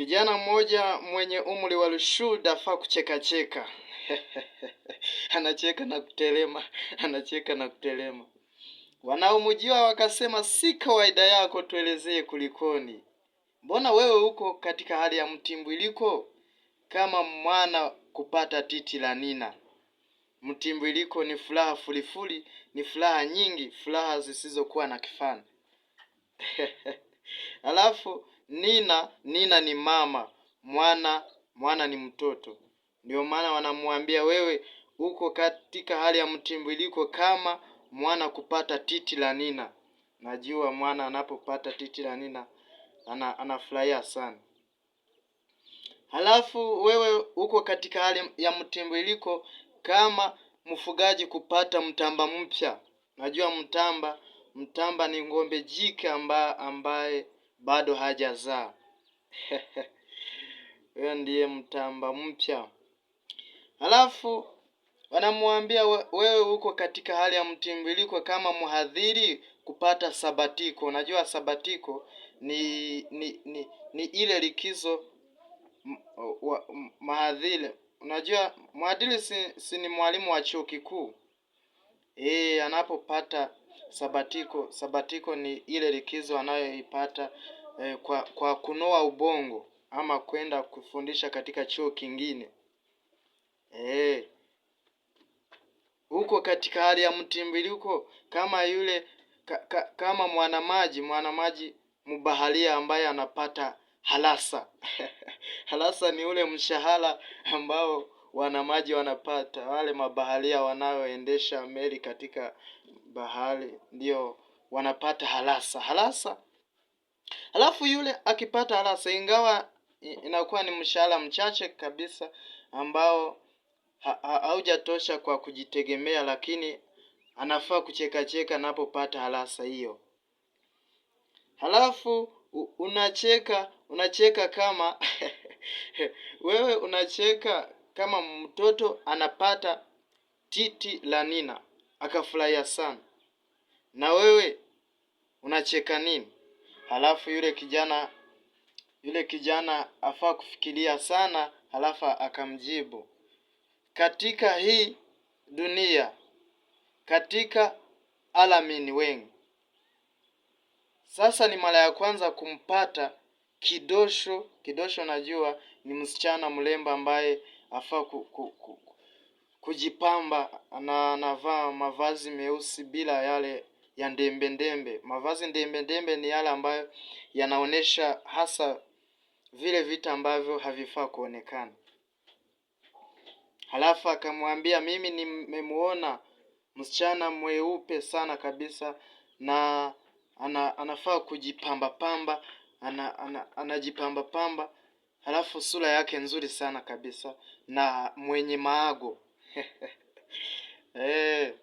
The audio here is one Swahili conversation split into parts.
Kijana mmoja mwenye umri wa Rashid afaa kuchekacheka anacheka na kutelema, anacheka na kutelema. Wanaomjua wakasema, si kawaida yako, tuelezee kulikoni? Mbona wewe uko katika hali ya mtimbwiliko kama mwana kupata titi la nina? Mtimbwiliko ni furaha fulifuli, ni furaha nyingi, furaha zisizokuwa na kifani. Alafu Nina, Nina ni mama, mwana, mwana ni mtoto. Ndio maana wanamwambia wewe uko katika hali ya mtimbiliko kama mwana kupata titi la Nina. Najua mwana anapopata titi la Nina ana, anafurahia sana. Halafu wewe uko katika hali ya mtimbiliko kama mfugaji kupata mtamba mpya. Najua mtamba, mtamba ni ng'ombe jike amba, ambaye bado hajazaa. Huyo ndiye mtamba mpya. Halafu wanamwambia wewe uko katika hali ya mtimbiliko kama mhadhiri kupata sabatiko. Unajua sabatiko ni ni, ni, ni ile likizo mahadhiri. Unajua mhadhiri si, si ni mwalimu wa chuo kikuu eh, anapopata sabatiko, sabatiko ni ile likizo anayoipata Eh, kwa, kwa kunoa ubongo ama kwenda kufundisha katika chuo kingine eh, huko katika hali ya mtimbiliko kama yule ka, ka, kama mwanamaji mwanamaji mbaharia ambaye anapata halasa halasa ni ule mshahara ambao wanamaji wanapata wale mabaharia wanaoendesha meli katika bahari ndio wanapata halasa halasa Halafu yule akipata harasa, ingawa inakuwa ni mshahara mchache kabisa ambao haujatosha kwa kujitegemea, lakini anafaa kuchekacheka anapopata harasa hiyo. Halafu unacheka unacheka kama wewe unacheka kama mtoto anapata titi la nina akafurahia sana, na wewe unacheka nini? halafu yule kijana yule kijana afaa kufikiria sana, halafu akamjibu katika hii dunia, katika alamini wengi. Sasa ni mara ya kwanza kumpata Kidosho. Kidosho najua ni msichana mlemba ambaye afaa ku, ku, ku, kujipamba na anavaa mavazi meusi bila yale ya ndembe ndembe. Mavazi ndembe ndembe ni yale ambayo yanaonesha hasa vile vitu ambavyo havifaa kuonekana. Halafu akamwambia mimi nimemuona msichana mweupe sana kabisa na ana, anafaa kujipamba pamba ana, ana, anajipamba pamba halafu sura yake nzuri sana kabisa na mwenye maago. Eh,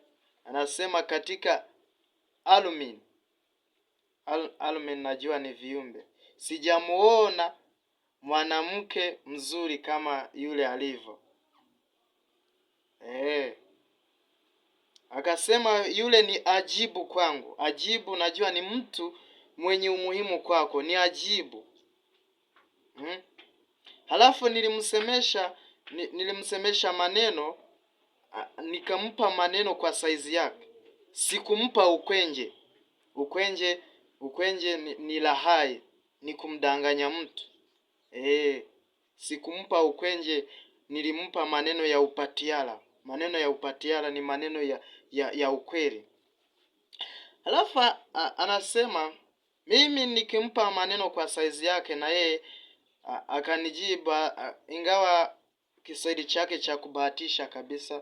anasema katika Alumin. Al, Alumin najua ni viumbe. Sijamuona mwanamke mzuri kama yule alivyo. Eh. Akasema yule ni ajibu kwangu. Ajibu najua ni mtu mwenye umuhimu kwako, ni ajibu. Hmm? Halafu nilimsemesha nilimsemesha maneno nikampa maneno kwa saizi yake. Sikumpa ukwenje. Ukwenje, ukwenje ni, ni lahai, ni kumdanganya mtu eh. Sikumpa ukwenje, nilimpa maneno ya upatiala. Maneno ya upatiala ni maneno ya ya, ya ukweli. Alafu anasema mimi nikimpa maneno kwa saizi yake, na yeye akanijiba, ingawa Kiswahili chake cha kubahatisha kabisa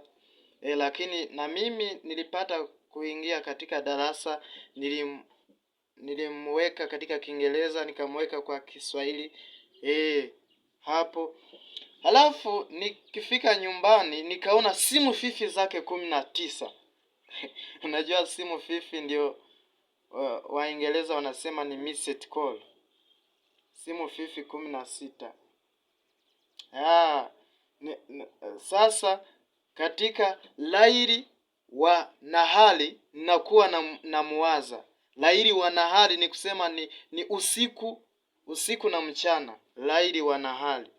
e, lakini na mimi nilipata kuingia katika darasa nilim nilimweka katika Kiingereza nikamweka kwa Kiswahili eh, hapo halafu nikifika nyumbani nikaona simu fifi zake kumi na tisa. Unajua simu fifi ndio uh, Waingereza wanasema ni missed call, simu fifi kumi na sita. sasa katika laili wa nahari ninakuwa na, na muwaza laili wa nahali ni kusema ni, ni usiku usiku na mchana laili wa nahali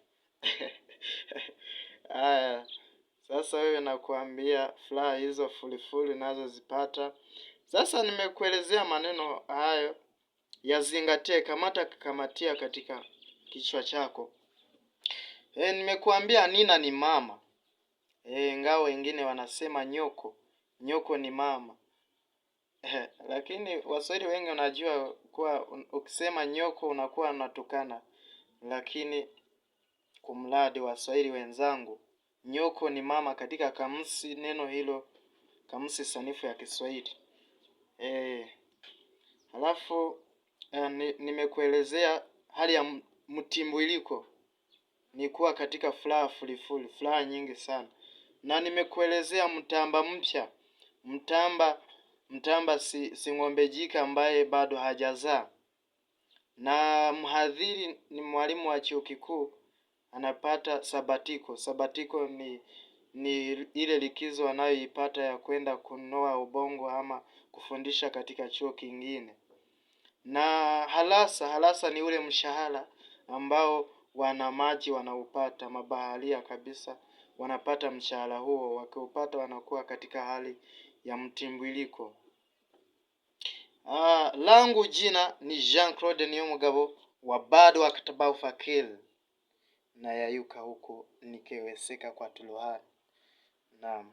haya sasa wewe nakuambia furaha hizo fulifuli nazozipata sasa nimekuelezea maneno hayo yazingatie kamata kamatia katika kichwa chako e, nimekuambia nina ni mama e, ngao wengine wanasema nyoko nyoko ni mama. Lakini Waswahili wengi unajua kuwa ukisema nyoko unakuwa unatukana, lakini kumradi Waswahili wenzangu, nyoko ni mama katika kamusi neno hilo, kamusi sanifu ya Kiswahili e. Halafu uh, nimekuelezea hali ya mtimbwiliko ni kuwa katika furaha fulifuli, furaha nyingi sana, na nimekuelezea mtamba mpya Mtamba mtamba si, si ng'ombe jike ambaye bado hajazaa, na mhadhiri ni mwalimu wa chuo kikuu anapata sabatiko. Sabatiko ni ni ile likizo anayoipata ya kwenda kunoa ubongo ama kufundisha katika chuo kingine. Na halasa halasa ni ule mshahara ambao wanamaji wanaupata, mabaharia kabisa wanapata mshahara huo, wakiupata wanakuwa katika hali ya mtimbwiliko Ah, langu jina ni Jean Claude Niyomugabo wa bado wa katabau fakil na yayuka huku nikiweseka kwa tuluhani naam